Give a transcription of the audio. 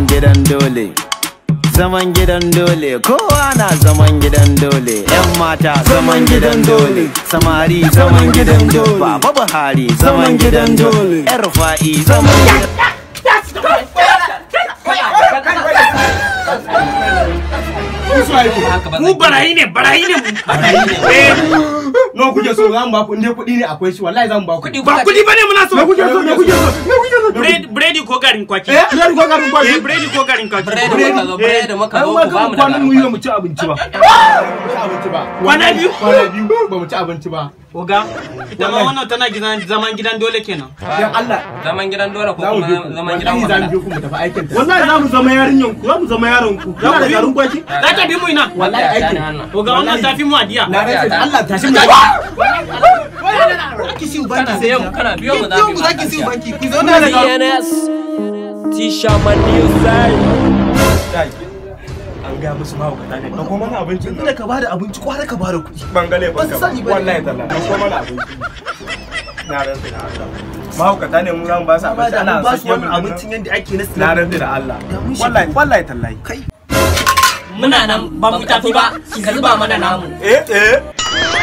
zaman gidan dole zaman gidan dole kowa na zaman gidan dole yan mata zaman gidan dole samari zaman gidan dole baba buhari zaman gidan dole yar fa'i zaman mu barayi ne barayi ne mu eh, no kuje so zan ba ku inda kuɗi ne akwai shi wallahi zan ba ku ba kudi bane muna so me kuke so me kuke garin kwaki garin kwaki garin kwaki eh biredi ko garin kwaki bredi maka zo maka zo ku ba mu da kwanan mu yi mu ci abinci ba kwana biyu kwana biyu ba mu ci abinci ba oga ita ma wannan tana gidan zaman gidan dole kenan dan Allah zaman gidan dole ko kuma zaman gidan zamu je ku mu tafi aikin ta wallahi zamu zama yarinyan ku zamu zama yaron ku kana da garin kwaki za bi mu ina wallahi aikin oga wannan tafi mu adiya mu banki sai yau kana biyo mu za mu zaki sai banki ku zauna da DNS Tisha Maniyo sai an ga musu ma hukata ne da kuma abinci in da ka bada abinci kwara ka bada kuɗi bangale ba ka wallahi talla da kuma abinci na da Allah mahaukata ne mun zamu ba su abinci ana ba su abincin yadda ake na na rantsa da Allah wallahi wallahi tallahi kai muna nan ba mu tafi ba ki zuba mana namu eh eh